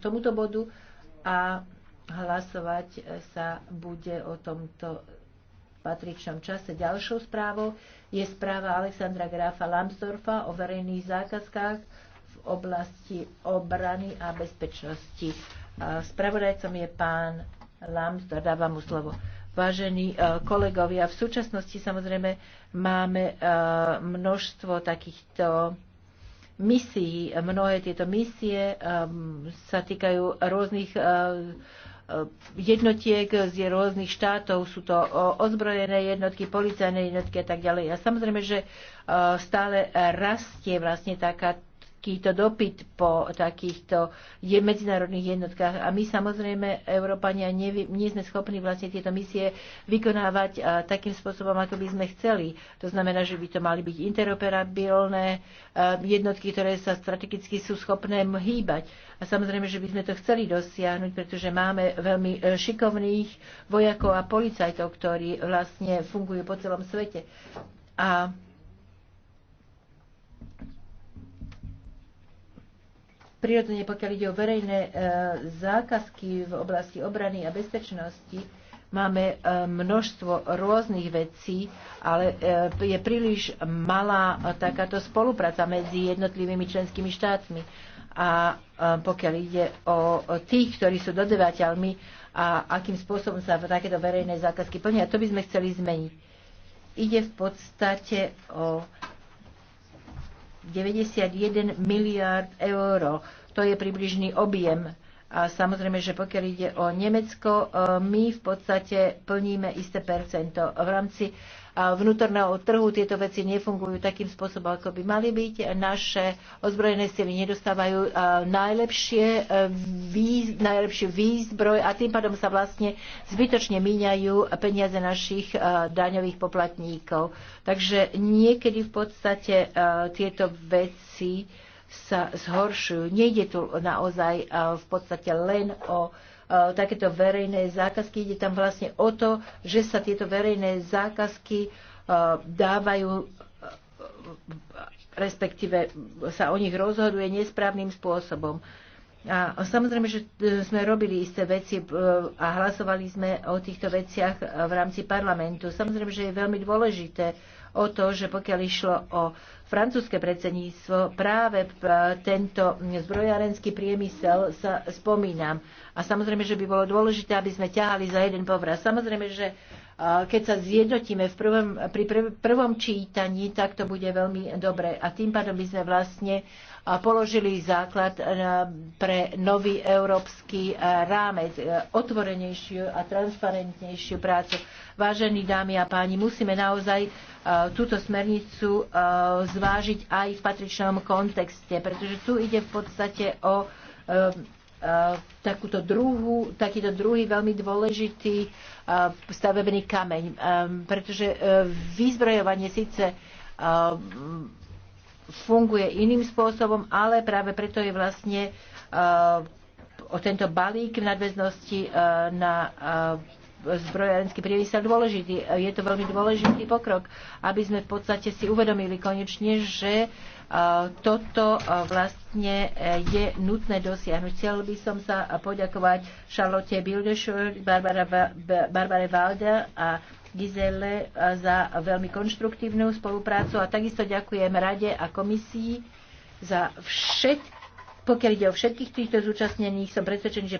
tomuto bodu a hlasovať sa bude o tomto patričnom čase. Ďalšou správou je správa Alexandra Grafa Lambsdorfa o verejných zákazkách v oblasti obrany a bezpečnosti. Spravodajcom je pán Lambsdorf, dávam mu slovo. Vážení e, kolegovia, v súčasnosti samozrejme máme e, množstvo takýchto misií. Mnohé tieto misie um, sa týkajú rôznych uh, uh, jednotiek z rôznych štátov, sú to ozbrojené jednotky, policajné jednotky a tak ďalej. A samozrejme, že uh, stále rastie vlastne taká takýto dopyt po takýchto je medzinárodných jednotkách. A my samozrejme, Európania, nie, nie sme schopní vlastne tieto misie vykonávať takým spôsobom, ako by sme chceli. To znamená, že by to mali byť interoperabilné e, jednotky, ktoré sa strategicky sú schopné hýbať. A samozrejme, že by sme to chceli dosiahnuť, pretože máme veľmi e, šikovných vojakov a policajtov, ktorí vlastne fungujú po celom svete. A prirodzene pokiaľ ide o verejné e, zákazky v oblasti obrany a bezpečnosti, máme e, množstvo rôznych vecí, ale e, je príliš malá takáto spolupráca medzi jednotlivými členskými štátmi. A pokiaľ ide o tých, ktorí sú dodavateľmi a akým spôsobom sa takéto verejné zákazky plnia, to by sme chceli zmeniť. Ide v podstate o 91 miliard eur. To je približný objem. A samozrejme, že pokiaľ ide o Nemecko, e, my v podstate plníme isté percento. V rámci vnútorného trhu tieto veci nefungujú takým spôsobom, ako by mali byť. Naše ozbrojené sily nedostávajú e, najlepšie, e, výz, najlepšie výzbroj a tým pádom sa vlastne zbytočne míňajú peniaze našich e, daňových poplatníkov. Takže niekedy v podstate tieto veci sa zhoršujú. Nejde tu naozaj v podstate len o E, takéto verejné zákazky. Ide tam vlastne o to, že sa tieto verejné zákazky e, dávajú e, respektíve sa o nich rozhoduje nesprávnym spôsobom. A samozrejme, že sme robili isté veci a hlasovali sme o týchto veciach v rámci parlamentu. Samozrejme, že je veľmi dôležité o to, že pokiaľ išlo o francúzske predsedníctvo, práve tento zbrojárenský priemysel sa spomínam. A samozrejme, že by bolo dôležité, aby sme ťahali za jeden povraz. Samozrejme, že keď sa zjednotíme v prvom, pri prvom čítaní, tak to bude veľmi dobre. A tým pádom by sme vlastne položili základ pre nový európsky rámec, otvorenejšiu a transparentnejšiu prácu. Vážení dámy a páni, musíme naozaj túto smernicu zvážiť aj v patričnom kontexte, pretože tu ide v podstate o Eh, takúto takýto druhý veľmi dôležitý eh, stavebný kameň, eh, pretože vyzbrojovanie síce funguje iným spôsobom, ale práve preto je vlastne o tento balík v nadväznosti na zbrojárenský priemysel dôležitý. Je to veľmi dôležitý pokrok, aby sme v podstate si uvedomili konečne, že toto e, vlastne e, je nutné dosiahnuť. Chcel by som sa poďakovať Charlotte Bildešur, Barbare Valda a Gizele e, za veľmi konštruktívnu spoluprácu a takisto ďakujem Rade a komisii za všetky pokiaľ ide o všetkých týchto zúčastnených, som presvedčený, že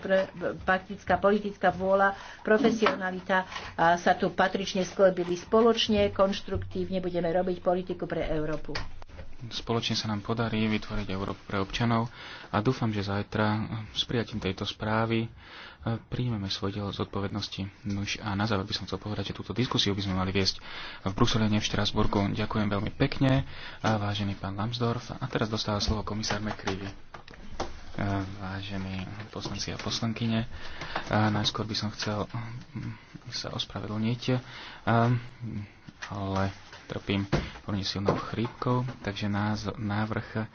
praktická politická vôľa, profesionalita sa tu patrične sklbili spoločne, konštruktívne budeme robiť politiku pre Európu spoločne sa nám podarí vytvoriť Európu pre občanov a dúfam, že zajtra s prijatím tejto správy e, príjmeme svoj diel zodpovednosti. Nož a na záver by som chcel povedať, že túto diskusiu by sme mali viesť v Bruseli, nie v Štrasburgu. Ďakujem veľmi pekne, vážený pán Lambsdorff. A teraz dostáva slovo komisár McCreevy. E, vážení poslanci a poslankyne, e, najskôr by som chcel mm, sa ospravedlniť, ale trpím pomerne silnou chrípkou, takže návrh eh,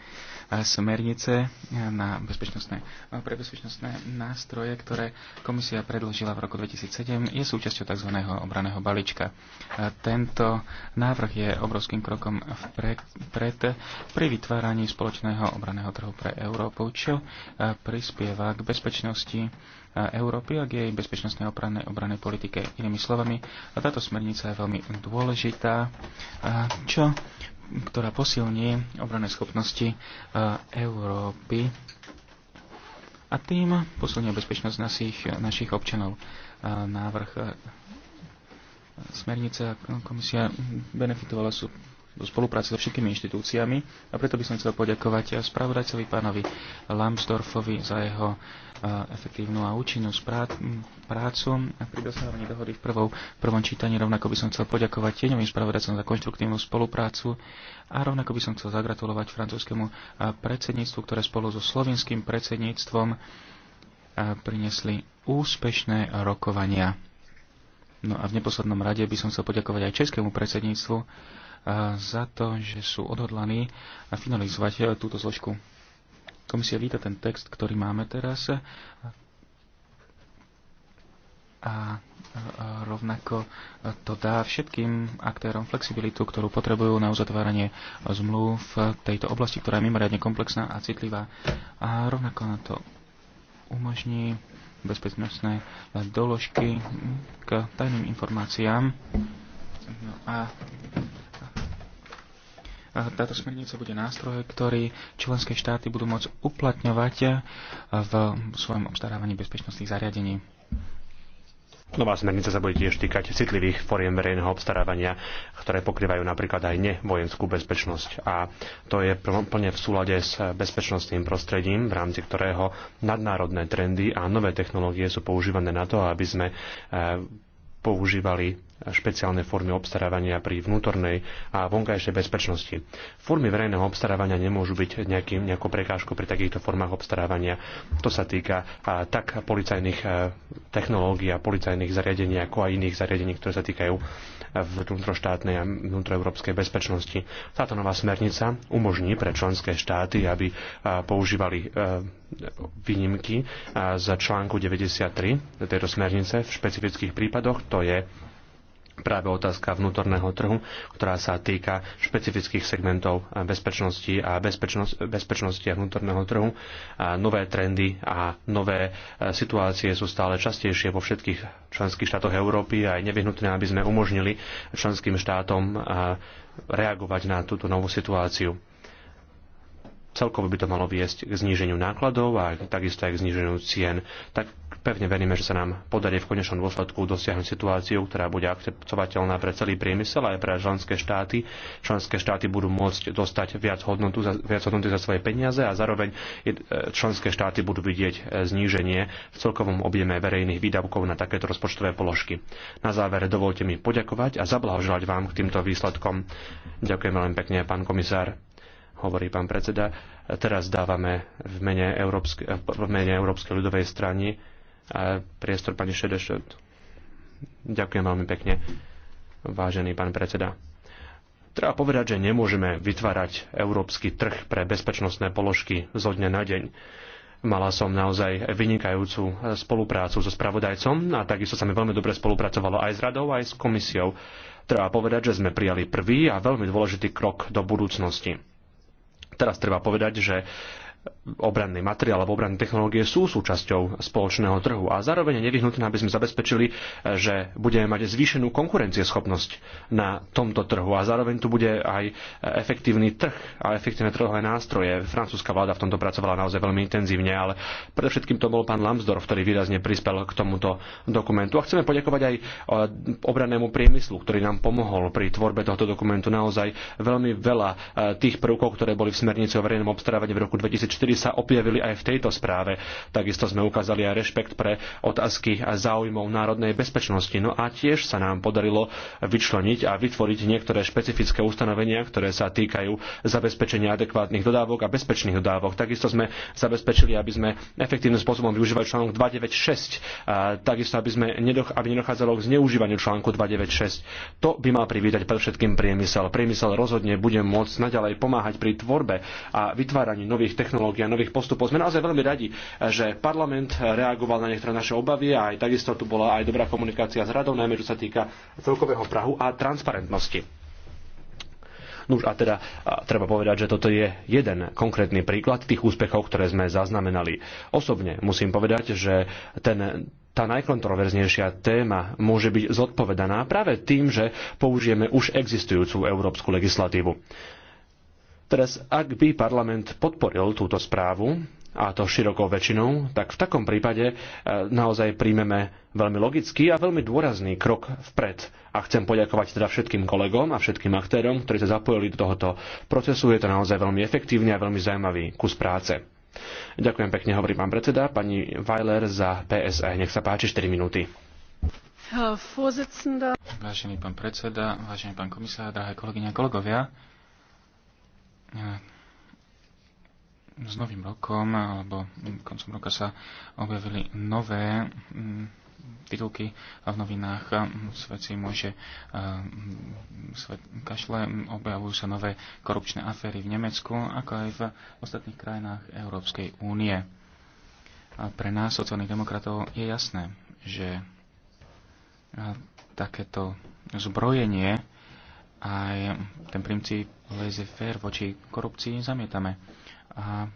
smernice eh, na bezpečnostné, eh, pre bezpečnostné nástroje, ktoré komisia predložila v roku 2007, je súčasťou tzv. obraného balíčka. Tento návrh je obrovským krokom vpred pri vytváraní spoločného obraného trhu pre Európu, čo prispieva k bezpečnosti Európy a k jej bezpečnostnej obrannej, obrannej politike. Inými slovami, a táto smernica je veľmi dôležitá, čo, ktorá posilní obranné schopnosti Európy a tým posilní bezpečnosť našich, našich občanov. Návrh smernice komisia benefitovala sú do spolupráce so všetkými inštitúciami a preto by som chcel poďakovať spravodajcovi pánovi Lambsdorfovi za jeho efektívnu a účinnú prácu a pri dosahovaní dohody v, prvou, v prvom čítaní. Rovnako by som chcel poďakovať tieňovým spravodajcom za konštruktívnu spoluprácu a rovnako by som chcel zagratulovať francúzskému predsedníctvu, ktoré spolu so slovinským predsedníctvom priniesli úspešné rokovania. No a v neposlednom rade by som chcel poďakovať aj českému predsedníctvu, za to, že sú odhodlaní finalizovať e, túto zložku. Komisia víta ten text, ktorý máme teraz a e, rovnako to dá všetkým aktérom flexibilitu, ktorú potrebujú na uzatváranie zmluv v tejto oblasti, ktorá je mimoriadne komplexná a citlivá. A rovnako na to umožní bezpečnostné doložky k tajným informáciám. No a táto smernica bude nástroj, ktorý členské štáty budú môcť uplatňovať eh, v svojom obstarávaní bezpečnostných zariadení. Nová smernica sa bude tiež týkať citlivých foriem verejného obstarávania, ktoré pokrývajú napríklad aj nevojenskú bezpečnosť. A to je plne v súlade s bezpečnostným prostredím, v rámci ktorého nadnárodné trendy a nové technológie sú používané na to, aby sme eh, používali špeciálne formy obstarávania pri vnútornej a vonkajšej bezpečnosti. Formy verejného obstarávania nemôžu byť nejakým, nejakou prekážkou pri takýchto formách obstarávania. To sa týka a, tak policajných a, e, technológií a policajných zariadení, ako aj iných zariadení, ktoré sa týkajú e, vnútroštátnej a vnútroeurópskej bezpečnosti. Táto nová smernica umožní pre členské štáty, aby a, používali e, a, výnimky z článku 93 tejto smernice v špecifických prípadoch, to je práve otázka vnútorného trhu, ktorá sa týka špecifických segmentov bezpečnosti a bezpečnosť, bezpečnosti a vnútorného trhu. A nové trendy a nové e, situácie sú stále častejšie vo všetkých členských štátoch Európy a je nevyhnutné, aby sme umožnili členským štátom e, reagovať na túto novú situáciu. Celkovo by to malo viesť k zníženiu nákladov a takisto aj k zníženiu cien. Tak pevne veríme, že sa nám podarí v konečnom dôsledku dosiahnuť situáciu, ktorá bude akceptovateľná pre celý priemysel aj pre členské štáty. Členské štáty budú môcť dostať viac hodnoty za, viac hodnoty za svoje peniaze a zároveň e, členské štáty budú vidieť e, zníženie v celkovom objeme verejných výdavkov na takéto rozpočtové položky. Na záver dovolte mi poďakovať a zablahoželať vám k týmto výsledkom. Ďakujem veľmi pekne, pán komisár hovorí pán predseda. Teraz dávame v mene, Európske, v mene Európskej ľudovej strany eh, priestor pani Šedešot. Ďakujem veľmi pekne, vážený pán predseda. Treba povedať, že nemôžeme vytvárať európsky trh pre bezpečnostné položky zo dňa na deň. Mala som naozaj vynikajúcu spoluprácu so spravodajcom a takisto sa mi veľmi dobre spolupracovalo aj s radou, aj s komisiou. Treba povedať, že sme prijali prvý a veľmi dôležitý krok do budúcnosti. Teraz treba povedať, že obranný materiál alebo obranné technológie sú súčasťou spoločného trhu a zároveň je nevyhnutné, aby sme zabezpečili, eh, že budeme mať zvýšenú konkurencieschopnosť na tomto trhu a zároveň tu bude aj eh, efektívny trh a efektívne trhové nástroje. Francúzska vláda v tomto pracovala naozaj veľmi intenzívne, ale predovšetkým to bol pán Lambsdorff, ktorý výrazne prispel k tomuto dokumentu. A chceme poďakovať aj eh, obrannému priemyslu, ktorý nám pomohol pri tvorbe tohto dokumentu naozaj veľmi veľa tých prvkov, ktoré boli v smernici o verejnom obstarávaní v roku 2014 sa objavili aj v tejto správe. Takisto sme ukázali aj rešpekt pre otázky a záujmov národnej bezpečnosti. No a tiež sa nám podarilo vyčleniť a vytvoriť niektoré špecifické ustanovenia, ktoré sa týkajú zabezpečenia adekvátnych dodávok a bezpečných dodávok. Takisto sme zabezpečili, aby sme efektívnym spôsobom využívali článok 296, a takisto aby, sme nedoch- aby nedochádzalo k zneužívaniu článku 296. To by mal privítať predovšetkým priemysel. Priemysel rozhodne bude môcť naďalej pomáhať pri tvorbe a vytváraní nových technológií technológií a nových postupov. Sme naozaj veľmi radi, že parlament reagoval na niektoré naše obavy a aj takisto tu bola aj dobrá komunikácia s radou, najmä čo sa týka celkového Prahu a transparentnosti. Nuž a teda a treba povedať, že toto je jeden konkrétny príklad tých úspechov, ktoré sme zaznamenali. Osobne musím povedať, že ten tá najkontroverznejšia téma môže byť zodpovedaná práve tým, že použijeme už existujúcu európsku legislatívu. Teraz, ak by parlament podporil túto správu, a to širokou väčšinou, tak v takom prípade e, naozaj príjmeme veľmi logický a veľmi dôrazný krok vpred. A chcem poďakovať teda všetkým kolegom a všetkým aktérom, ktorí sa zapojili do tohoto procesu. Je to naozaj veľmi efektívny a veľmi zaujímavý kus práce. Ďakujem pekne, hovorí pán predseda, pani Weiler za PSA. E. Nech sa páči 4 minúty. Vážený pán predseda, vážený pán komisár, drahé kolegyne a kolegovia, Eh, s novým rokom alebo koncom roka sa objavili nové mm, titulky v novinách. Svet si môže eh, svet kašle, objavujú sa nové korupčné aféry v Nemecku, ako aj v ostatných krajinách Európskej únie. A pre nás, sociálnych demokratov, je jasné, že eh, takéto zbrojenie aj ten princíp laissez-faire voči korupcii zamietame. A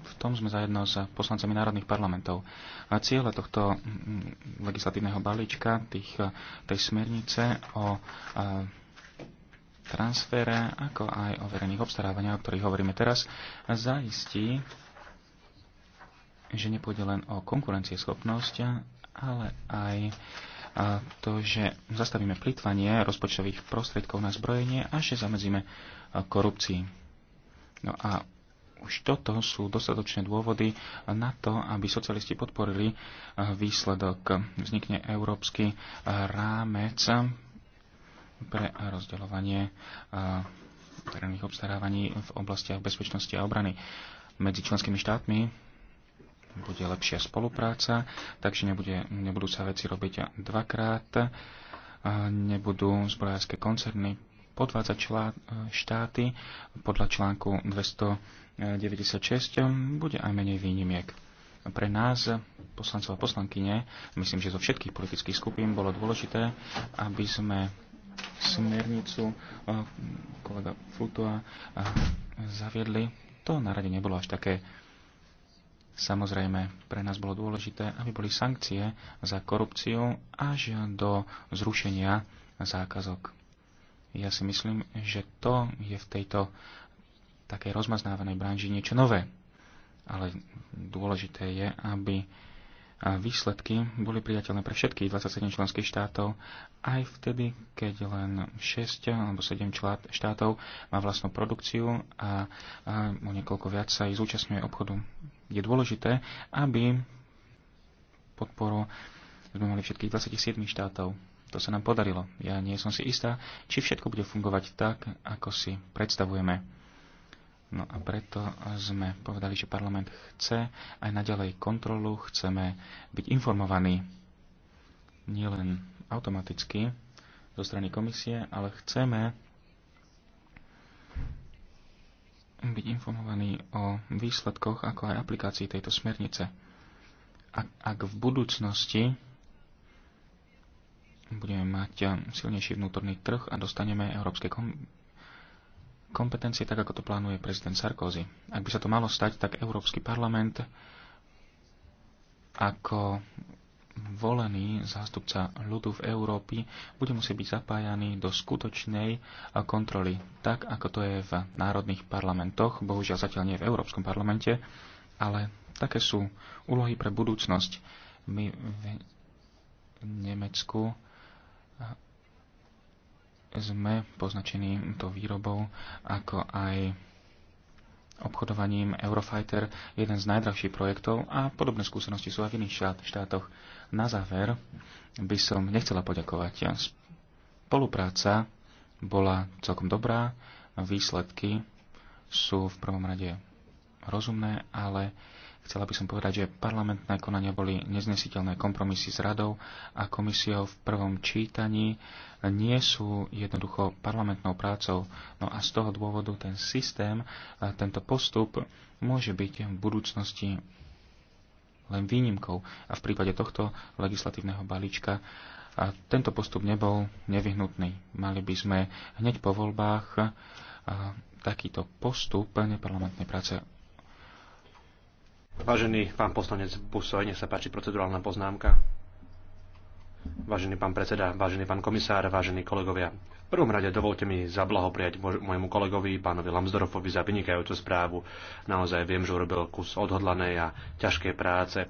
v tom sme zajedno s poslancami národných parlamentov. A ciele tohto mm, legislatívneho balíčka, tých, tej smernice o a, transfere, ako aj o verejných obstarávaniach, o ktorých hovoríme teraz, zaistí, že nepôjde len o konkurencieschopnosť, ale aj to, že zastavíme plitvanie rozpočtových prostriedkov na zbrojenie a že zamedzíme korupcii. No a už toto sú dostatočné dôvody na to, aby socialisti podporili výsledok. Vznikne európsky rámec pre rozdeľovanie terénnych obstarávaní v oblastiach bezpečnosti a obrany medzi členskými štátmi bude lepšia spolupráca, takže nebude, nebudú sa veci robiť dvakrát, nebudú zbrojárske koncerny podvádzať člá, e, štáty podľa článku 296, bude aj menej výnimiek. Pre nás, poslancov a poslankyne, myslím, že zo všetkých politických skupín bolo dôležité, aby sme smernicu e, kolega Flutua e, zaviedli. To na rade nebolo až také Samozrejme, pre nás bolo dôležité, aby boli sankcie za korupciu až do zrušenia zákazok. Ja si myslím, že to je v tejto takej rozmaznávanej branži niečo nové. Ale dôležité je, aby výsledky boli priateľné pre všetkých 27 členských štátov, aj vtedy, keď len 6 alebo 7 štátov má vlastnú produkciu a, o niekoľko viac sa ich zúčastňuje obchodu je dôležité, aby podporu sme mali všetkých 27 štátov. To sa nám podarilo. Ja nie som si istá, či všetko bude fungovať tak, ako si predstavujeme. No a preto sme povedali, že parlament chce aj naďalej kontrolu, chceme byť informovaní nielen automaticky zo strany komisie, ale chceme byť informovaní o výsledkoch, ako aj aplikácii tejto smernice. Ak, ak v budúcnosti budeme mať eh, silnejší vnútorný trh a dostaneme európske kom- kompetencie, tak ako to plánuje prezident Sarkozy. Ak by sa to malo stať, tak Európsky parlament ako volený zástupca ľudu v Európy bude musieť byť zapájaný do skutočnej kontroly, tak ako to je v národných parlamentoch, bohužiaľ zatiaľ nie v Európskom parlamente, ale také sú úlohy pre budúcnosť. My v Nemecku sme poznačení to výrobou, ako aj obchodovaním Eurofighter jeden z najdrahších projektov a podobné skúsenosti sú aj v iných štátoch. Na záver by som nechcela poďakovať. Spolupráca bola celkom dobrá, výsledky sú v prvom rade rozumné, ale Chcela by som povedať, že parlamentné konania boli neznesiteľné kompromisy s radou a komisiou v prvom čítaní nie sú jednoducho parlamentnou prácou. No a z toho dôvodu ten systém, tento postup môže byť v budúcnosti len výnimkou. A v prípade tohto legislatívneho balíčka a tento postup nebol nevyhnutný. Mali by sme hneď po voľbách a takýto postup neparlamentnej práce Vážený pán poslanec Busoj, nech sa páči procedurálna poznámka. Vážený pán predseda, vážený pán komisár, vážení kolegovia. V prvom rade dovolte mi zablahopriať môjmu kolegovi, pánovi Lamsdorfovi, za vynikajúcu správu. Naozaj viem, že urobil kus odhodlanej a ťažkej práce.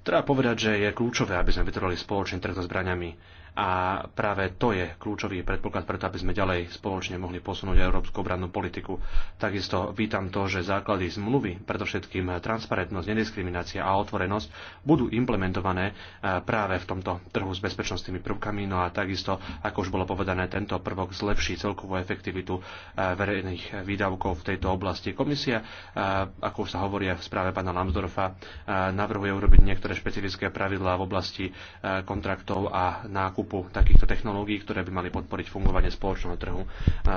Treba povedať, že je kľúčové, aby sme vytvorili spoločný trh so zbraniami a práve to je kľúčový predpoklad preto, aby sme ďalej spoločne mohli posunúť európsku obrannú politiku. Takisto vítam to, že základy zmluvy, predovšetkým transparentnosť, nediskriminácia a otvorenosť budú implementované e, práve v tomto trhu s bezpečnostnými prvkami. No a takisto, ako už bolo povedané, tento prvok zlepší celkovú efektivitu e, verejných výdavkov v tejto oblasti. Komisia, e, ako už sa hovorí v správe pána Lambsdorfa, navrhuje urobiť niektoré špecifické pravidlá v oblasti kontraktov a nákupov nákupu takýchto technológií, ktoré by mali podporiť fungovanie spoločného trhu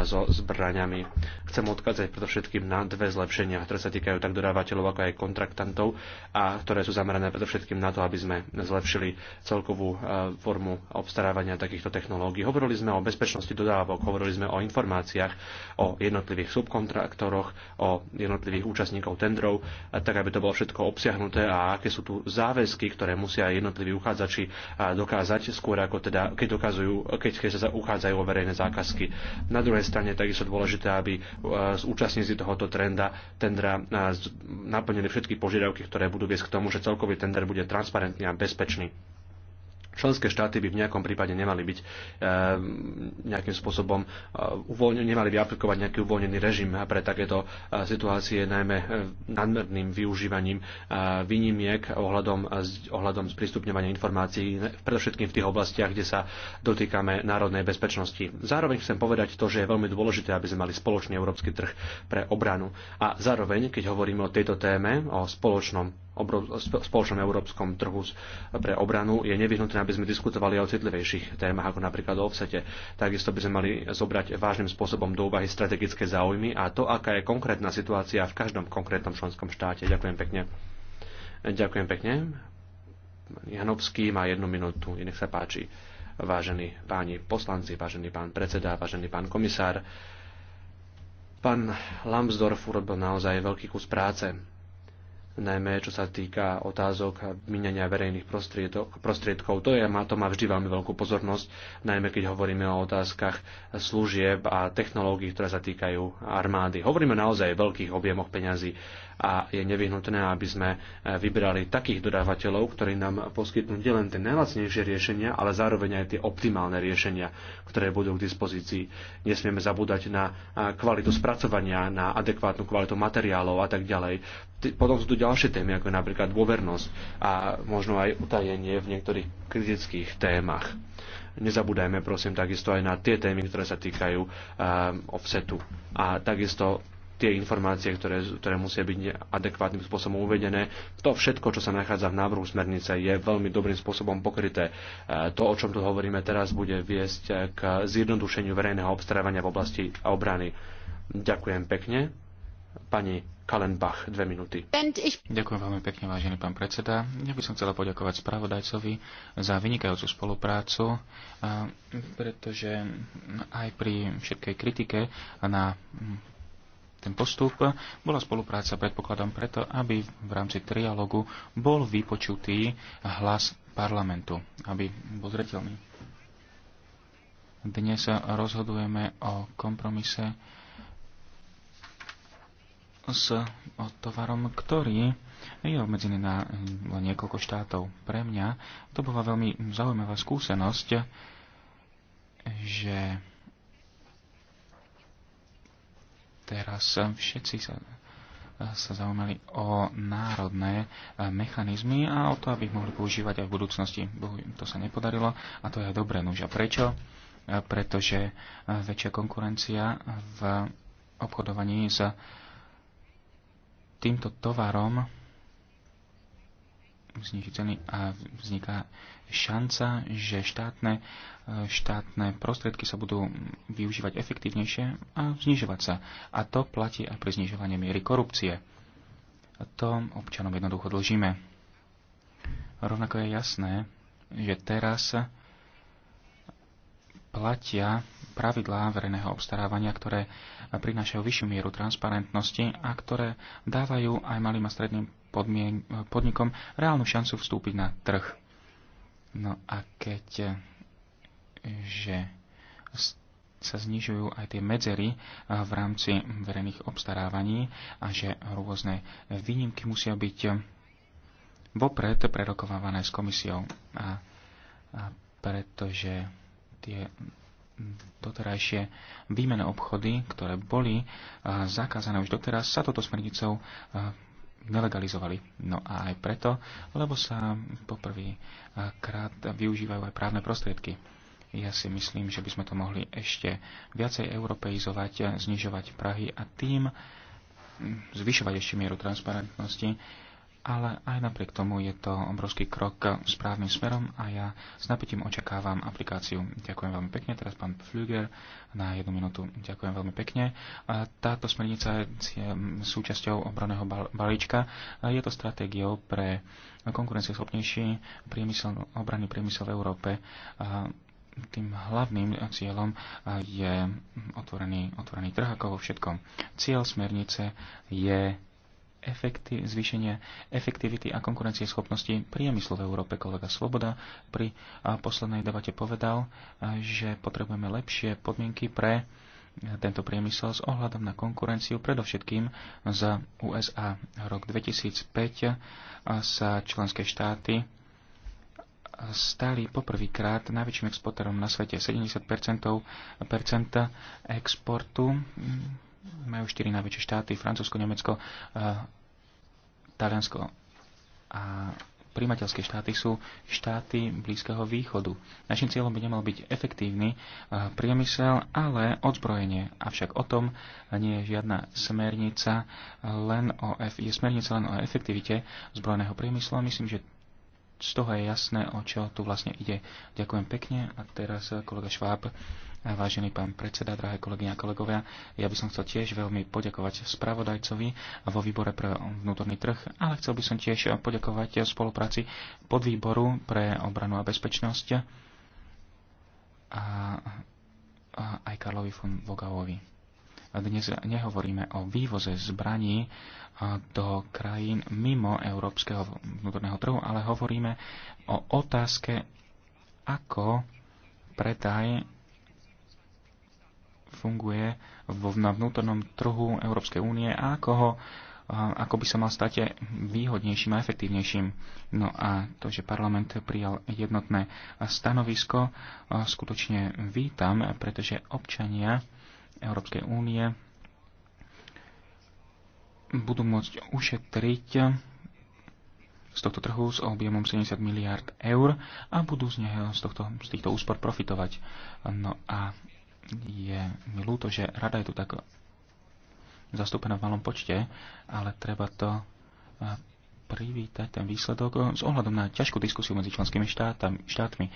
so zbraniami. Chcem odkázať predovšetkým na dve zlepšenia, ktoré sa týkajú tak dodávateľov, ako aj kontraktantov a ktoré sú zamerané predovšetkým na to, aby sme zlepšili celkovú formu obstarávania takýchto technológií. Hovorili sme o bezpečnosti dodávok, hovorili sme o informáciách, o jednotlivých subkontraktoroch, o jednotlivých účastníkov tendrov, tak aby to bolo všetko obsiahnuté a aké sú tu záväzky, ktoré musia jednotliví uchádzači dokázať skôr ako teda teda, keď, dokazujú, keď, keď sa uchádzajú o verejné zákazky. Na druhej strane takisto dôležité, aby e, účastníci tohoto trenda, tendra e, naplnili všetky požiadavky, ktoré budú viesť k tomu, že celkový tender bude transparentný a bezpečný členské štáty by v nejakom prípade nemali byť ehm, nejakým spôsobom eh, nemali by aplikovať nejaký uvoľnený režim pre takéto eh, situácie, najmä eh, nadmerným využívaním výnimiek ohľadom, ohľadom sprístupňovania informácií, predovšetkým v tých oblastiach, kde sa dotýkame národnej bezpečnosti. Zároveň chcem povedať to, že je veľmi dôležité, aby sme mali spoločný európsky trh pre obranu. A zároveň, keď hovoríme o tejto téme, o spoločnom spoločnom európskom trhu pre obranu, je nevyhnutné, aby sme diskutovali o citlivejších témach, ako napríklad o obsete. Takisto by sme mali zobrať vážnym spôsobom do úvahy strategické záujmy a to, aká je konkrétna situácia v každom konkrétnom členskom štáte. Ďakujem pekne. Ďakujem pekne. Janovský má jednu minútu, nech sa páči. Vážení páni poslanci, vážený pán predseda, vážený pán komisár, pán Lambsdorff urobil naozaj veľký kus práce najmä čo sa týka otázok minenia verejných prostriedkov. To, je, to má vždy veľmi veľkú pozornosť, najmä keď hovoríme o otázkach služieb a technológií, ktoré sa týkajú armády. Hovoríme naozaj o veľkých objemoch peňazí a je nevyhnutné, aby sme e, vybrali takých dodávateľov, ktorí nám poskytnú nielen tie najlacnejšie riešenia, ale zároveň aj tie optimálne riešenia, ktoré budú k dispozícii. Nesmieme zabúdať na e, kvalitu spracovania, na adekvátnu kvalitu materiálov a tak ďalej. Potom sú tu ďalšie témy, ako je napríklad dôvernosť a možno aj utajenie v niektorých kritických témach. Nezabúdajme prosím takisto aj na tie témy, ktoré sa týkajú um, offsetu. A takisto tie informácie, ktoré, ktoré musia byť adekvátnym spôsobom uvedené. To všetko, čo sa nachádza v návrhu smernice, je veľmi dobrým spôsobom pokryté. E, to, o čom tu hovoríme teraz, bude viesť k zjednodušeniu verejného obstarávania v oblasti obrany. Ďakujem pekne. Pani Kalenbach, dve minúty. Ďakujem veľmi pekne, vážený pán predseda. Ja by som chcela poďakovať spravodajcovi za vynikajúcu spoluprácu, e, pretože aj pri všetkej kritike na ten postup, bola spolupráca predpokladom preto, aby v rámci trialogu bol vypočutý hlas parlamentu, aby bol zretelný. Dnes rozhodujeme o kompromise s tovarom, ktorý je obmedzený na niekoľko štátov. Pre mňa to bola veľmi zaujímavá skúsenosť, že teraz všetci sa, sa zaujímali o národné eh, mechanizmy a o to, aby ich mohli používať aj v budúcnosti. Bohu, to sa nepodarilo a to je dobré. Nuž no a prečo? Eh, pretože eh, väčšia konkurencia v obchodovaní s týmto tovarom zniží ceny a vzniká šanca, že štátne, e, štátne prostriedky sa budú využívať efektívnejšie a znižovať sa. A to platí aj pri znižovaní miery korupcie. A to občanom jednoducho dlžíme. Rovnako je jasné, že teraz platia pravidlá verejného obstarávania, ktoré prinášajú vyššiu mieru transparentnosti a ktoré dávajú aj malým a stredným podmien- podnikom reálnu šancu vstúpiť na trh. No a keď že sa znižujú aj tie medzery eh, v rámci verejných obstarávaní a že rôzne výnimky musia byť eh, vopred prerokovávané s komisiou. A, a pretože tie doterajšie výmene obchody, ktoré boli eh, zakázané už doteraz, sa toto smernicou nelegalizovali. No a aj preto, lebo sa poprvý eh, krát využívajú aj právne prostriedky. Ja si myslím, že by sme to mohli ešte viacej europeizovať, eh, znižovať Prahy a tým hm, zvyšovať ešte mieru transparentnosti ale aj napriek tomu je to obrovský krok správnym smerom a ja s napätím očakávam aplikáciu. Ďakujem veľmi pekne. Teraz pán Flüger na jednu minútu. Ďakujem veľmi pekne. Táto smernica je súčasťou obranného balíčka. Je to stratégiou pre konkurencieschopnejší priemysel, obranný priemysel v Európe tým hlavným cieľom je otvorený, otvorený trh ako vo všetkom. Cieľ smernice je efekty zvýšenie efektivity a konkurencieschopnosti priemyslu v Európe. Kolega Svoboda pri poslednej debate povedal, že potrebujeme lepšie podmienky pre tento priemysel s ohľadom na konkurenciu predovšetkým za USA. Rok 2005 sa členské štáty stali poprvýkrát najväčším exportérom na svete. 70% exportu majú štyri najväčšie štáty, Francúzsko, Nemecko, eh, Taliansko a primateľské štáty sú štáty Blízkeho východu. Našim cieľom by nemal byť efektívny eh, priemysel, ale odzbrojenie. Avšak o tom nie je žiadna smernica, len o, je smernica len o efektivite zbrojného priemyslu. Myslím, že z toho je jasné, o čo tu vlastne ide. Ďakujem pekne a teraz eh, kolega Šváb Vážený pán predseda, drahé kolegyne a kolegovia, ja by som chcel tiež veľmi poďakovať spravodajcovi vo výbore pre vnútorný trh, ale chcel by som tiež poďakovať spolupráci podvýboru pre obranu a bezpečnosť a, a aj Karlovi von Vogalovi. Dnes nehovoríme o vývoze zbraní do krajín mimo európskeho vnútorného trhu, ale hovoríme o otázke, ako predaj funguje vo, na vnútornom trhu Európskej únie a ako ho ako by sa mal stať výhodnejším a efektívnejším. No a to, že parlament prijal jednotné stanovisko, skutočne vítam, pretože občania Európskej únie budú môcť ušetriť z tohto trhu s objemom 70 miliard eur a budú z, neho, z, tohto, z týchto úspor profitovať. No a je mi ľúto, že rada je tu tak zastúpená v malom počte, ale treba to e, privítať ten výsledok s ohľadom na ťažkú diskusiu medzi členskými štátami, štátmi.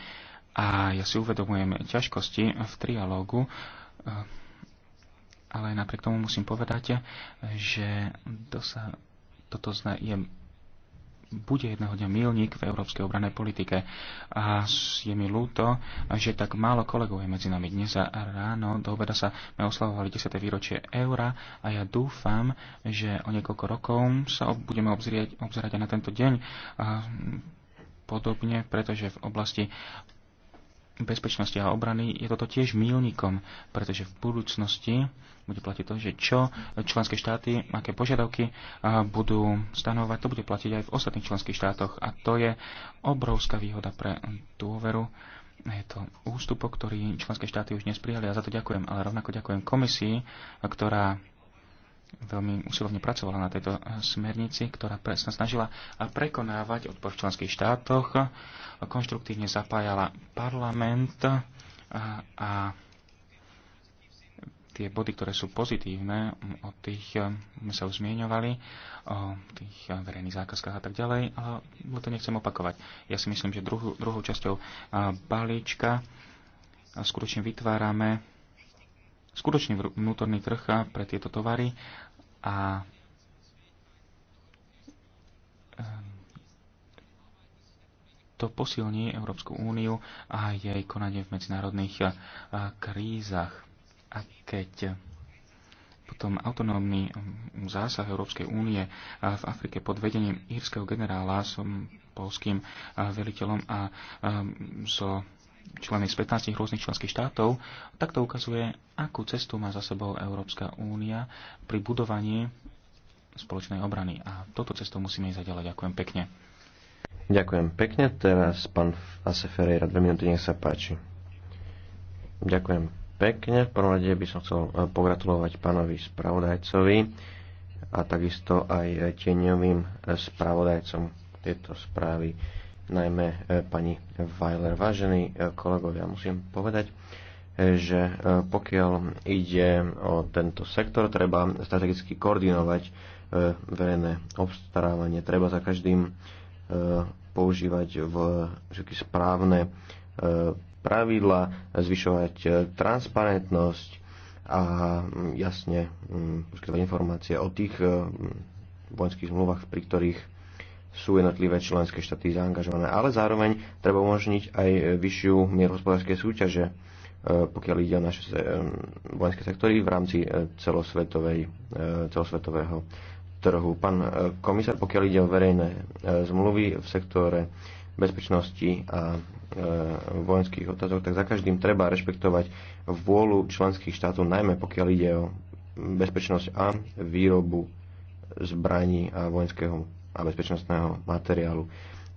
A ja si uvedomujem ťažkosti v trialógu, e, ale napriek tomu musím povedať, že to sa, toto je bude jedného dňa milník v európskej obranej politike. A je mi ľúto, že tak málo kolegov je medzi nami dnes a ráno. Do obeda sa sme oslavovali 10. výročie eura a ja dúfam, že o niekoľko rokov sa budeme obzrieť, obzerať aj na tento deň. A podobne, pretože v oblasti bezpečnosti a obrany je toto tiež mílnikom, pretože v budúcnosti bude platiť to, že čo členské štáty, aké požiadavky budú stanovať, to bude platiť aj v ostatných členských štátoch a to je obrovská výhoda pre dôveru. Je to ústupok, ktorý členské štáty už dnes prijali a za to ďakujem, ale rovnako ďakujem komisii, ktorá veľmi usilovne pracovala na tejto eh, smernici, ktorá sa snažila eh, prekonávať odpor v členských štátoch, eh, konštruktívne zapájala parlament a tie body, ktoré sú pozitívne, hm, o tých sme sa už zmieňovali, o tých verejných zákazkách a tak ďalej, ale to nechcem opakovať. Ja si myslím, že druhou, druhou časťou balíčka skutočne vytvárame skutočný vnútorný trh eh, pre tieto tovary a eh, to posilní Európsku úniu a jej konanie v medzinárodných eh, krízach. A keď potom autonómny mm, zásah Európskej únie v Afrike pod vedením írskeho generála som polským veliteľom a so členmi z 15 rôznych členských štátov, tak to ukazuje, akú cestu má za sebou Európska únia pri budovaní spoločnej obrany. A toto cestou musíme ísť ďalej. Ďakujem pekne. Ďakujem pekne. Teraz pán Ase Ferreira, dve minúty, nech sa páči. Ďakujem pekne. V prvom rade by som chcel e, pogratulovať pánovi spravodajcovi a takisto aj tieňovým spravodajcom tejto správy najmä e, pani Weiler. Vážení e, kolegovia, musím povedať, e, že pokiaľ ide o tento sektor, treba strategicky koordinovať verejné obstarávanie. Treba za každým používať v všetky správne pravidla, zvyšovať transparentnosť a jasne poskytovať informácie o tých vojenských zmluvách, pri ktorých sú jednotlivé členské štáty zaangažované, ale zároveň treba umožniť aj vyššiu mieru hospodárskej súťaže, e, pokiaľ ide o naše e, vojenské sektory v rámci e, celosvetového trhu. Pán komisár, pokiaľ ide o verejné zmluvy v sektore bezpečnosti a vojenských otázok, tak za každým treba rešpektovať vôľu členských štátov, najmä pokiaľ ide o bezpečnosť a výrobu zbraní a vojenského a bezpečnostného materiálu.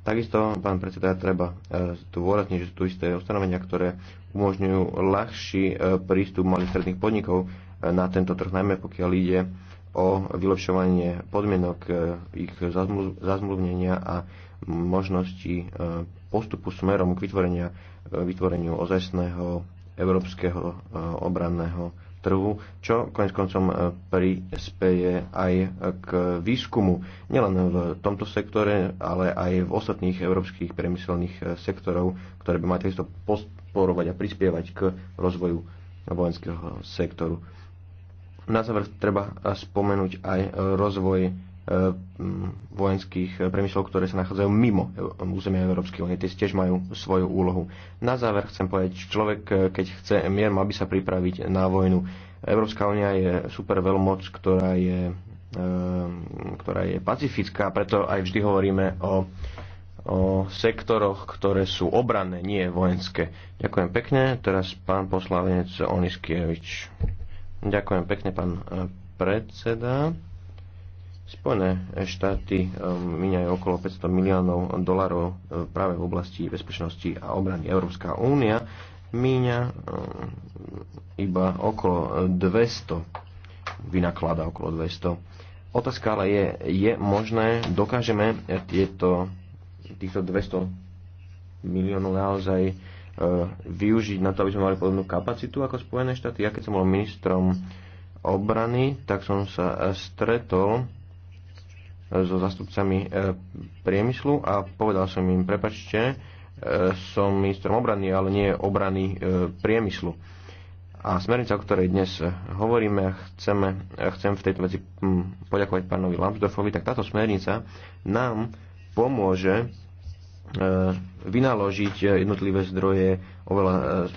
Takisto, pán predseda, treba e, zdôrazniť, že sú tu isté ustanovenia, ktoré umožňujú ľahší e, prístup malých stredných podnikov e, na tento trh, najmä pokiaľ ide o vylepšovanie podmienok ich zazmluvnenia a možnosti postupu smerom k vytvorenia, vytvoreniu ozajstného európskeho obranného trhu, čo konec koncom e, prispeje aj k výskumu nielen v tomto sektore, ale aj v ostatných európskych priemyselných e, sektorov, ktoré by mali takisto podporovať a prispievať k rozvoju vojenského sektoru. Na záver treba spomenúť aj rozvoj Eh, vojenských premyslov, ktoré sa nachádzajú mimo územia Európskej únie. Tie tiež majú svoju úlohu. Na záver chcem povedať, človek, eh, keď chce mier, má by sa pripraviť na vojnu. Európska únia je super veľmoc, ktorá je, eh, ktorá je pacifická, preto aj vždy hovoríme o o sektoroch, ktoré sú obranné, nie vojenské. Ďakujem pekne. Teraz pán poslanec Oniskievič. Ďakujem pekne, pán predseda. Spojené štáty um, míňajú okolo 500 miliónov dolarov um, práve v oblasti bezpečnosti a obrany. Európska únia míňa um, iba okolo 200, vynaklada okolo 200. Otázka ale je, je možné, dokážeme tieto, týchto 200 miliónov naozaj uh, využiť na to, aby sme mali podobnú kapacitu ako Spojené štáty. Ja keď som bol ministrom obrany, tak som sa stretol so zastupcami e, priemyslu a povedal som im, prepačte, e, som ministrom obrany, ale nie obrany e, priemyslu. A smernica, o ktorej dnes hovoríme, chceme, chcem v tejto veci mm, poďakovať pánovi Lambsdorfovi, tak táto smernica nám pomôže vynaložiť jednotlivé zdroje oveľa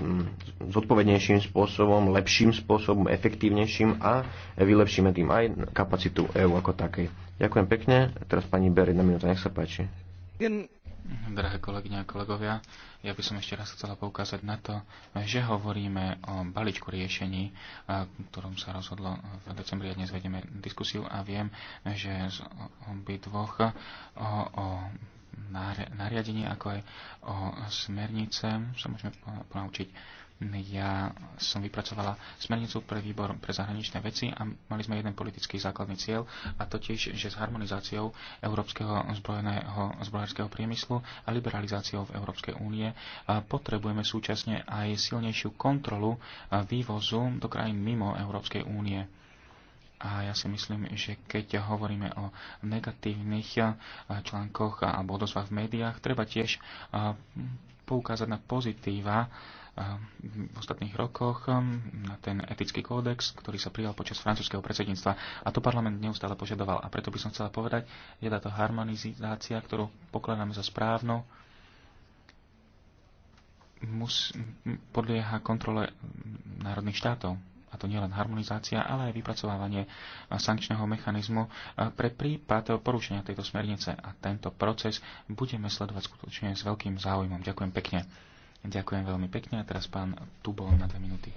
zodpovednejším spôsobom, lepším spôsobom, efektívnejším a vylepšíme tým aj kapacitu EÚ ako takej. Ďakujem pekne. Teraz pani Ber, jedna minúta, nech sa páči. Drahé kolegyne a kolegovia, ja by som ešte raz chcela poukázať na to, že hovoríme o balíčku riešení, ktorom sa rozhodlo v decembri a dnes vedeme diskusiu a viem, že z obi dvoch o, o nariadení, ako aj o smernice sa môžeme ponaučiť ja som vypracovala smernicu pre výbor pre zahraničné veci a mali sme jeden politický základný cieľ a totiž, že s harmonizáciou európskeho zbrojeného, zbrojárskeho priemyslu a liberalizáciou v Európskej únie potrebujeme súčasne aj silnejšiu kontrolu vývozu do krajín mimo Európskej únie. A ja si myslím, že keď hovoríme o negatívnych článkoch alebo odozvách v médiách, treba tiež poukázať na pozitíva, v ostatných rokoch na ten etický kódex, ktorý sa prijal počas francúzského predsedníctva. A to parlament neustále požadoval. A preto by som chcela povedať, je táto harmonizácia, ktorú pokladáme za správnu, mus, podlieha kontrole národných štátov. A to nielen harmonizácia, ale aj vypracovávanie sankčného mechanizmu pre prípad porušenia tejto smernice. A tento proces budeme sledovať skutočne s veľkým záujmom. Ďakujem pekne. Ďakujem veľmi pekne. A teraz pán Tubol na dve minúty.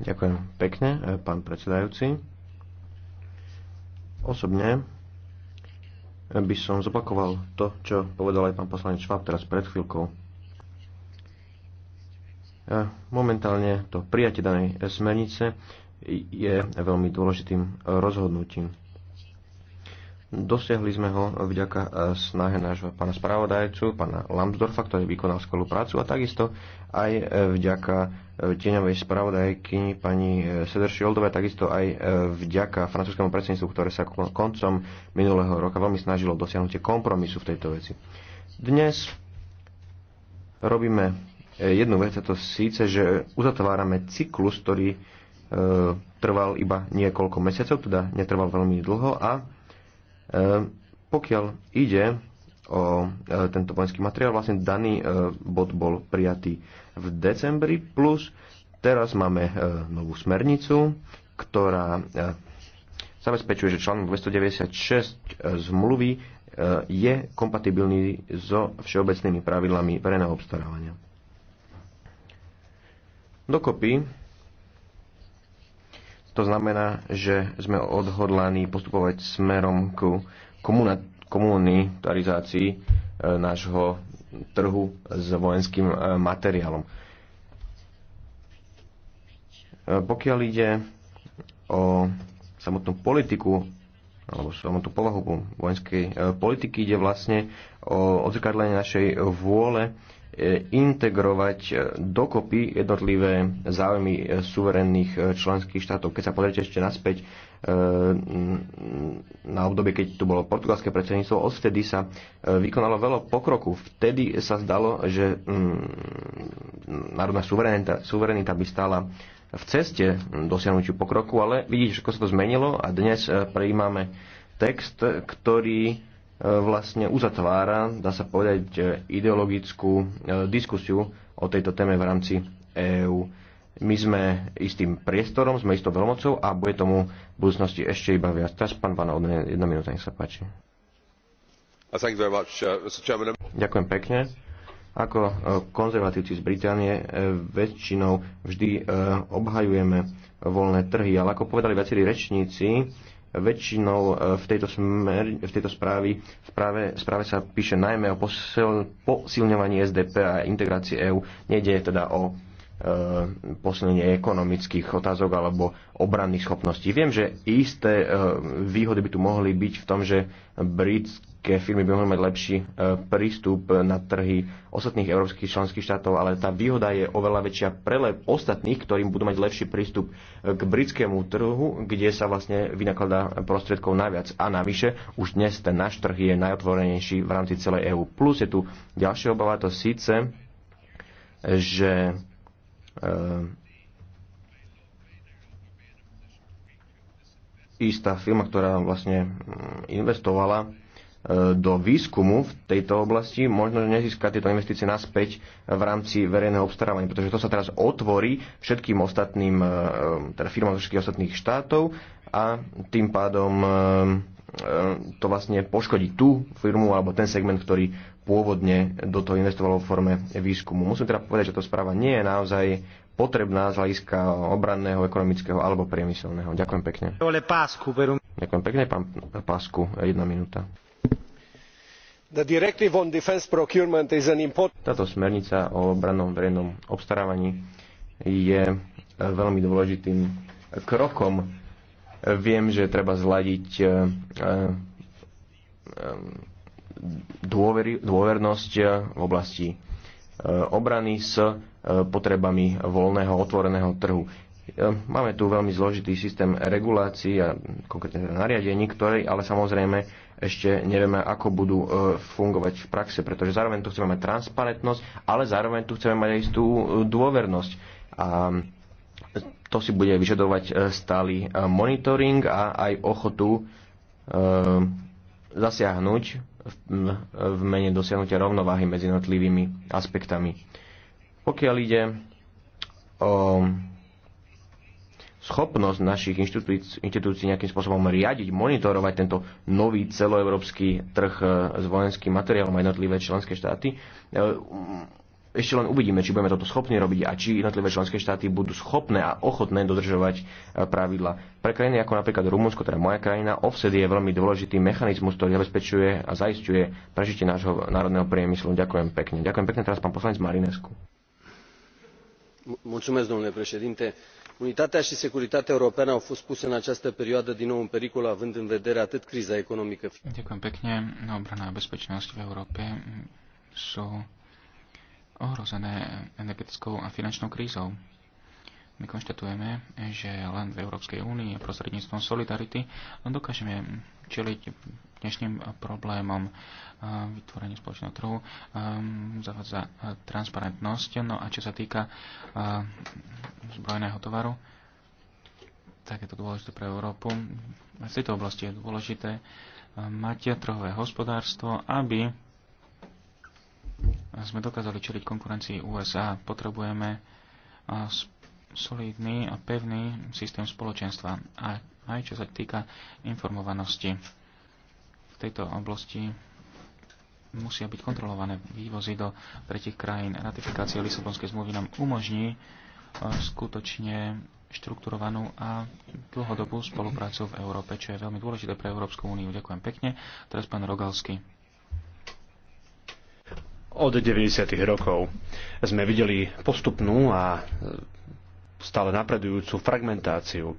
Ďakujem pekne, eh, pán predsedajúci. Osobne eh, by som zopakoval to, čo povedal aj pán poslanec Šváb teraz pred chvíľkou. Eh, momentálne to prijatie danej smernice je veľmi dôležitým rozhodnutím. Dosiahli sme ho vďaka e, snahe nášho pána spravodajcu, pána Lambsdorfa, ktorý vykonal skvelú prácu a takisto aj e, vďaka e, tieňovej spravodajky pani Sederšioldovej, takisto aj vďaka francúzskému predsedníctvu, ktoré sa koncom minulého roka veľmi snažilo dosiahnutie kompromisu v tejto veci. Dnes robíme jednu vec, a to síce, že uzatvárame cyklus, ktorý e, trval iba niekoľko mesiacov, teda netrval veľmi dlho a Ehm, pokiaľ ide o e, tento vojenský materiál, vlastne daný e, bod bol prijatý v decembri, plus teraz máme e, novú smernicu, ktorá zabezpečuje, že článok 296 zmluvy je kompatibilný so všeobecnými pravidlami verejného obstarávania. Dokopy to znamená, že sme odhodlaní postupovať smerom ku komunitarizácii e, nášho trhu s vojenským e, materiálom. E, pokiaľ ide o samotnú politiku alebo samotnú povahu vojenskej politiky, ide vlastne o odzrkadlenie našej vôle E, integrovať e, dokopy jednotlivé záujmy e, suverénnych členských štátov. Keď sa pozriete ešte naspäť na obdobie, keď tu bolo portugalské predsedníctvo, odvtedy sa vykonalo veľa pokroku. Vtedy sa zdalo, že národná suverenita, suverenita by stála v ceste dosiahnutiu pokroku, ale vidíte, ako sa to zmenilo a dnes prijímame text, ktorý vlastne uzatvára, dá sa povedať, e, ideologickú e, diskusiu o tejto téme v rámci EÚ. My sme istým priestorom, sme istou veľmocou a bude tomu v budúcnosti ešte iba viac. Teraz pán Vana, jedna minúta, nech sa páči. Uh, uh, Ďakujem pekne. Ako uh, konzervatívci z Británie väčšinou vždy obhajujeme voľné trhy, ale ako povedali viacerí rečníci, väčšinou e, v tejto, smer, v tejto správe, správe, správe sa píše najmä o posil, posilňovaní SDP a integrácii EÚ. Nejde teda o E, posilnenie ekonomických otázok alebo obranných schopností. Viem, že isté e, výhody by tu mohli byť v tom, že britské firmy by mohli mať lepší e, prístup na trhy ostatných európskych členských štátov, ale tá výhoda je oveľa väčšia pre ostatných, ktorým budú mať lepší prístup k britskému trhu, kde sa vlastne vynakladá prostriedkov naviac. A navyše, už dnes ten náš trh je najotvorenejší v rámci celej EÚ. Plus je tu ďalšia obava, to síce, že E, istá firma, ktorá vlastne mm, investovala e, do výskumu v tejto oblasti, možno nezíska tieto investície naspäť v rámci verejného obstarávania, pretože to sa teraz otvorí všetkým ostatným, e, teda firmám zo všetkých ostatných štátov a tým pádom to vlastne poškodí tú firmu alebo ten segment, ktorý pôvodne do toho investovalo v forme výskumu. Musím teda povedať, že to správa nie je naozaj potrebná z hľadiska obranného, ekonomického alebo priemyselného. Ďakujem pekne. Ďakujem pekne, pán Pásku, Jedna minúta. Táto smernica o obrannom verejnom obstarávaní je e, veľmi dôležitým krokom. Viem, že treba zladiť e, e, dôvery, dôvernosť eh, v oblasti eh, obrany s eh, potrebami voľného, otvoreného trhu. Máme tu veľmi zložitý systém regulácií a konkrétne nariadení, ktoré ale samozrejme ešte nevieme, ako budú fungovať v praxe, pretože zároveň tu chceme mať transparentnosť, ale zároveň tu chceme mať aj istú dôvernosť. A to si bude vyžadovať stály monitoring a aj ochotu zasiahnuť v mene dosiahnutia rovnováhy medzi jednotlivými aspektami. Pokiaľ ide o schopnosť našich inštitúcií, inštitúcií nejakým spôsobom riadiť, monitorovať tento nový celoeurópsky trh eh, s vojenským materiálom a jednotlivé členské štáty, eh, ešte len uvidíme, či budeme toto schopní robiť a či jednotlivé členské štáty budú schopné a ochotné dodržovať e, pravidla. Pre krajiny ako napríklad Rumunsko, teda moja krajina, offset je veľmi dôležitý mechanizmus, ktorý zabezpečuje a zaistuje prežitie nášho národného priemyslu. Ďakujem pekne. Ďakujem pekne teraz pán poslanec Marinescu. Mulțumesc, domnule președinte. Unitatea și securitatea europeană au fost puse în această perioadă din nou în pericol, având în vedere atât criza economică. Ďakujem pekne. Obrana a bezpečnosť v Európe sú ohrozené energetickou a finančnou krízou. My konštatujeme, že len v Európskej únii a prostredníctvom solidarity dokážeme čeliť dnešným problémom vytvorenia spoločného trhu, zavádza transparentnosť. No a čo sa týka zbrojného tovaru, tak je to dôležité pre Európu. V tejto oblasti je dôležité mať trhové hospodárstvo, aby sme dokázali čeliť konkurencii USA, potrebujeme solidný a pevný systém spoločenstva. A aj čo sa týka informovanosti. V tejto oblasti musia byť kontrolované vývozy do tretich krajín. Ratifikácia Lisabonskej zmluvy nám umožní skutočne štrukturovanú a dlhodobú spoluprácu v Európe, čo je veľmi dôležité pre Európsku úniu. Ďakujem pekne. Teraz pán Rogalsky od 90. rokov. Sme videli postupnú a stále napredujúcu fragmentáciu e,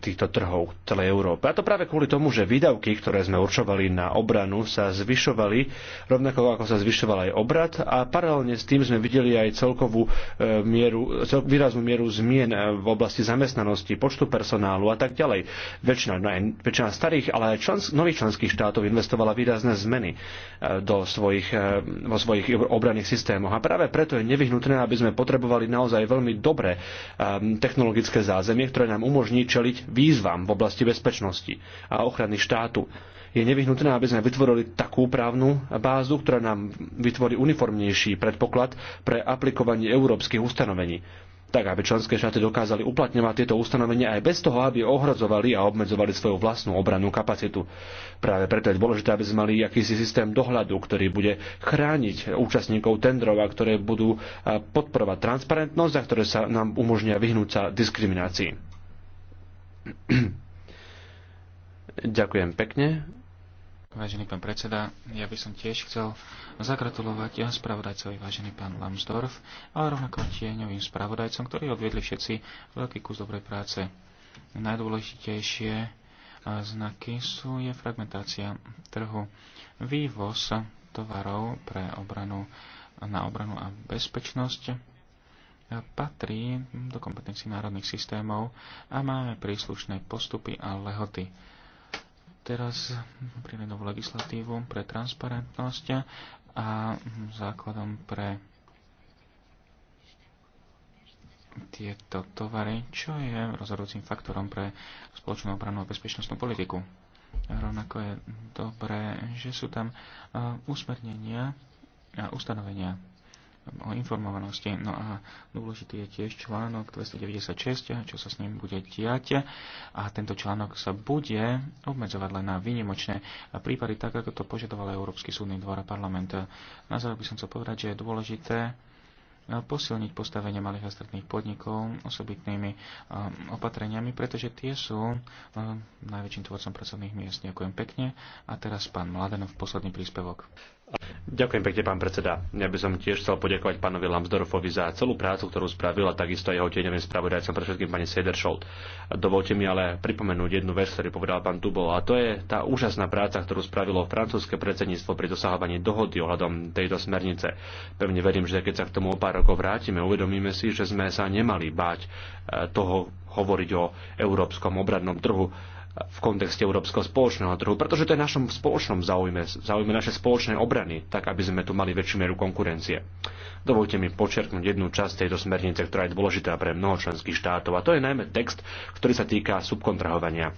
týchto trhov v celej Európe. A to práve kvôli tomu, že výdavky, ktoré sme určovali na obranu, sa zvyšovali, rovnako ako sa zvyšoval aj obrad a paralelne s tým sme videli aj celkovú e, mieru, výraznú mieru zmien e, v oblasti zamestnanosti, počtu personálu a tak ďalej. Väčšina, no aj väčšina starých, ale aj člens, nových členských štátov investovala výrazné zmeny do svojich, vo svojich obranných systémoch. A práve preto je nevyhnutné, aby sme potrebovali naozaj veľmi dobre Um, technologické zázemie, ktoré nám umožní čeliť výzvam v oblasti bezpečnosti a ochrany štátu je nevyhnutné, aby sme vytvorili takú právnu bázu, ktorá nám vytvorí uniformnejší predpoklad pre aplikovanie európskych ustanovení tak aby členské štáty dokázali uplatňovať tieto ustanovenia aj bez toho, aby ohrozovali a obmedzovali svoju vlastnú obrannú kapacitu. Práve preto je dôležité, aby sme mali akýsi systém dohľadu, ktorý bude chrániť účastníkov tendrov a ktoré budú podporovať transparentnosť a ktoré sa nám umožnia vyhnúť sa diskriminácii. Ďakujem pekne. Vážený pán predseda, ja by som tiež chcel zagratulovať jeho spravodajcovi, vážený pán Lambsdorff, ale rovnako tieňovým spravodajcom, ktorí odviedli všetci veľký kus dobrej práce. Najdôležitejšie znaky sú je fragmentácia trhu, vývoz tovarov pre obranu, na obranu a bezpečnosť patrí do kompetencií národných systémov a máme príslušné postupy a lehoty Teraz príjme novú legislatívu pre transparentnosť a základom pre tieto tovary, čo je rozhodujúcim faktorom pre spoločnú obranu a bezpečnostnú politiku. Rovnako je dobré, že sú tam eh, usmernenia a ustanovenia o informovanosti. No a dôležitý je tiež článok 296, čo sa s ním bude diať. A tento článok sa bude obmedzovať len na výnimočné prípady, tak ako to požadoval Európsky súdny dvor a parlament. Na záver by som chcel povedať, že je dôležité posilniť postavenie malých a stredných podnikov osobitnými um, opatreniami, pretože tie sú um, najväčším tvorcom pracovných miest. Ďakujem pekne. A teraz pán Mladenov, posledný príspevok. Ďakujem pekne, pán predseda. Ja by som tiež chcel poďakovať pánovi Lambsdorfovi za celú prácu, ktorú spravil a takisto jeho tieňovým spravodajcom, pre všetkým pani Sederschold. Dovolte mi ale pripomenúť jednu vec, ktorú povedal pán Tubol, a to je tá úžasná práca, ktorú spravilo francúzske predsedníctvo pri dosahovaní dohody ohľadom tejto smernice. Pevne verím, že keď sa k tomu o pár rokov vrátime, uvedomíme si, že sme sa nemali báť eh, toho hovoriť o európskom obradnom trhu v kontexte európskeho spoločného trhu, pretože to je v našom spoločnom záujme, záujme naše spoločnej obrany, tak aby sme tu mali väčšiu mieru konkurencie. Dovolte mi počerknúť jednu časť tejto smernice, ktorá je dôležitá pre mnoho členských štátov, a to je najmä text, ktorý sa týka subkontrahovania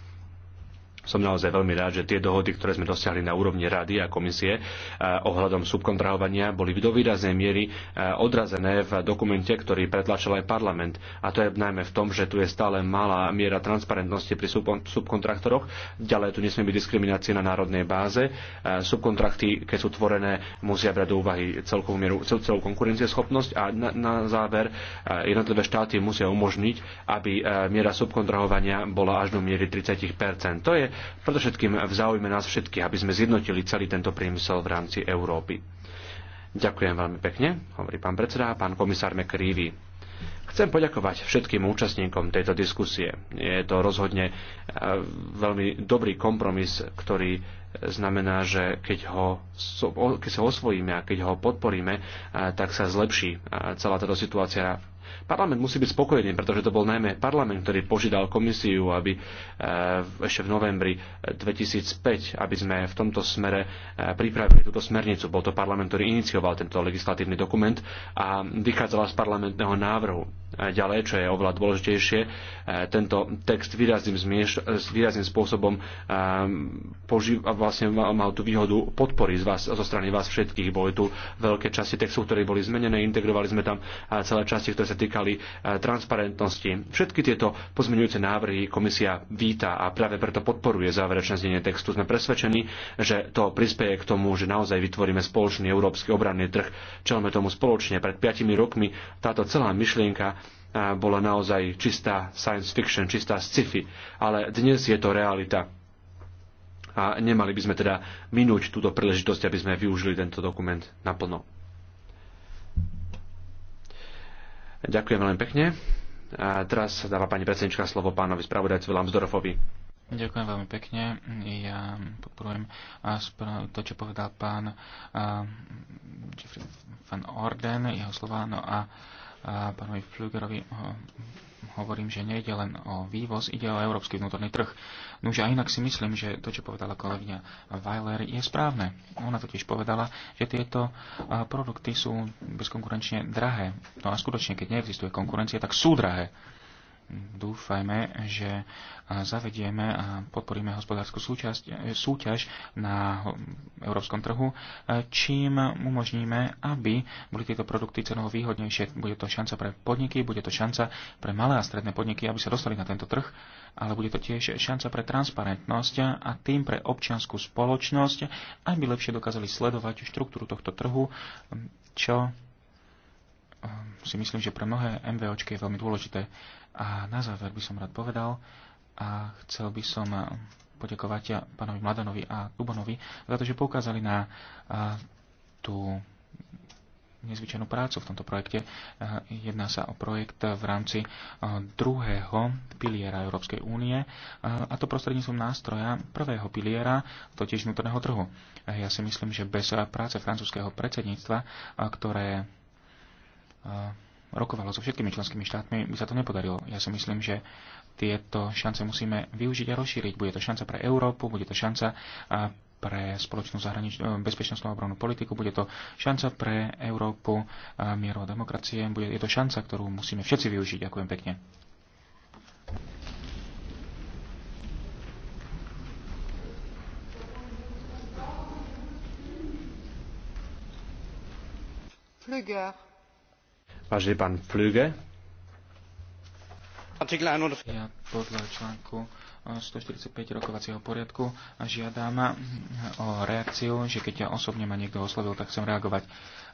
som naozaj veľmi rád, že tie dohody, ktoré sme dosiahli na úrovni rady a komisie eh, ohľadom subkontrahovania, boli do výraznej miery eh, odrazené v dokumente, ktorý pretlačil aj parlament. A to je najmä v tom, že tu je stále malá miera transparentnosti pri subkontraktoroch. Ďalej tu nesmie byť diskriminácia na národnej báze. Eh, subkontrakty, keď sú tvorené, musia brať do úvahy celkovú, mieru, celkovú konkurencieschopnosť a na, na záver jednotlivé štáty musia umožniť, aby miera subkontrahovania bola až do miery 30 To je predovšetkým v záujme nás všetkých, aby sme zjednotili celý tento priemysel v rámci Európy. Ďakujem veľmi pekne, hovorí pán predseda a pán komisár McCreevy. Chcem poďakovať všetkým účastníkom tejto diskusie. Je to rozhodne e, veľmi dobrý kompromis, ktorý znamená, že keď, ho, keď sa osvojíme a keď ho podporíme, e, tak sa zlepší e, celá táto situácia Parlament musí byť spokojný, pretože to bol najmä parlament, ktorý požiadal komisiu, aby e, ešte v novembri 2005, e, aby sme v tomto smere e, pripravili túto smernicu. Bol to parlament, ktorý inicioval tento legislatívny dokument a vychádzala z parlamentného návrhu. Ďalej, čo je oveľa dôležitejšie, tento text výrazným, zmieš, výrazným spôsobom poži- vlastne mal tú výhodu podpory z vás, zo strany vás všetkých. Boli tu veľké časti textu, ktoré boli zmenené, integrovali sme tam celé časti, ktoré sa týkali e, transparentnosti. Všetky tieto pozmeňujúce návrhy komisia víta a práve preto podporuje záverečné znenie textu. Sme presvedčení, že to prispieje k tomu, že naozaj vytvoríme spoločný európsky obranný trh. Čelme tomu spoločne. Pred piatimi rokmi táto celá myšlienka e, bola naozaj čistá science fiction, čistá sci-fi, ale dnes je to realita a nemali by sme teda minúť túto príležitosť, aby sme využili tento dokument naplno. Ďakujem veľmi pekne. A teraz dáva pani predsednička slovo pánovi spravodajcovi Lambsdorfovi. Ďakujem veľmi pekne. Ja podporujem to, čo povedal pán Jeffrey van Orden, jeho slova. No a pánovi Flugerovi hovorím, že nejde len o vývoz, ide o európsky vnútorný trh. No už a inak si myslím, že to, čo povedala kolegyňa Weiler, je správne. Ona totiž povedala, že tieto produkty sú bezkonkurenčne drahé. No a skutočne, keď neexistuje konkurencia, tak sú drahé dúfajme, že zavedieme a podporíme hospodárskú súťaž, e, súťaž na európskom trhu, e, čím umožníme, aby boli tieto produkty cenovo výhodnejšie. Bude to šanca pre podniky, bude to šanca pre malé a stredné podniky, aby sa dostali na tento trh, ale bude to tiež šanca pre transparentnosť a tým pre občianskú spoločnosť, aby lepšie dokázali sledovať štruktúru tohto trhu, čo e, si myslím, že pre mnohé MVOčky je veľmi dôležité. A na záver by som rád povedal a chcel by som eh, poďakovať eh, pánovi Mladanovi a Kubonovi za to, že poukázali na eh, tú nezvyčajnú prácu v tomto projekte. Jedná sa o projekt v rámci druhého piliera Európskej únie, a to prostredníctvom nástroja prvého piliera, totiž vnútorného trhu. Ja si myslím, že bez práce francúzského predsedníctva, ktoré rokovalo so všetkými členskými štátmi, by sa to nepodarilo. Ja si myslím, že tieto šance musíme využiť a rozšíriť. Bude to šanca pre Európu, bude to šanca pre spoločnú zahranič- e, bezpečnostnú obranu politiku, bude to šanca pre Európu, mieru a demokracie, bude, je to šanca, ktorú musíme všetci využiť. Ďakujem pekne. Flügger. Vážený pán Flüge. Ja podľa článku 145 rokovacieho poriadku žiadam o reakciu, že keď ja osobne ma niekto oslovil, tak chcem reagovať.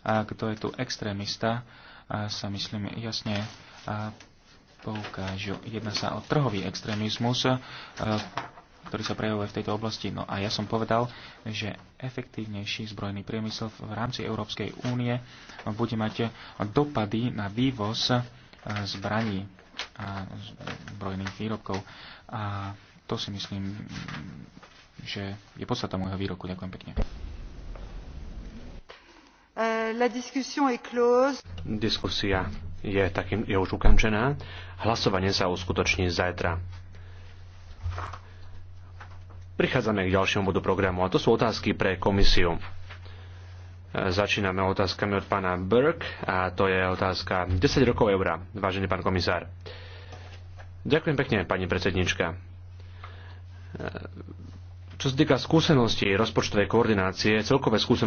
A kto je tu extrémista, a sa myslím jasne poukážu. Jedná sa o trhový extrémizmus, ktorý sa prejavuje v tejto oblasti. No a ja som povedal, že efektívnejší zbrojný priemysel v rámci Európskej únie bude mať dopady na vývoz eh, zbraní a zbrojných výrobkov. A to si myslím, že je podstata môjho výroku. Ďakujem pekne. Eh, la discussion est close. Diskusia je, takým, je už ukončená. Hlasovanie sa uskutoční zajtra. Prichádzame k ďalšiemu bodu programu a to sú otázky pre komisiu. E, začíname otázkami od pána Burke a to je otázka 10 rokov eura, vážený pán komisár. Ďakujem pekne, pani predsednička. E, čo sa týka skúsenosti rozpočtovej koordinácie, celkové skúsenosti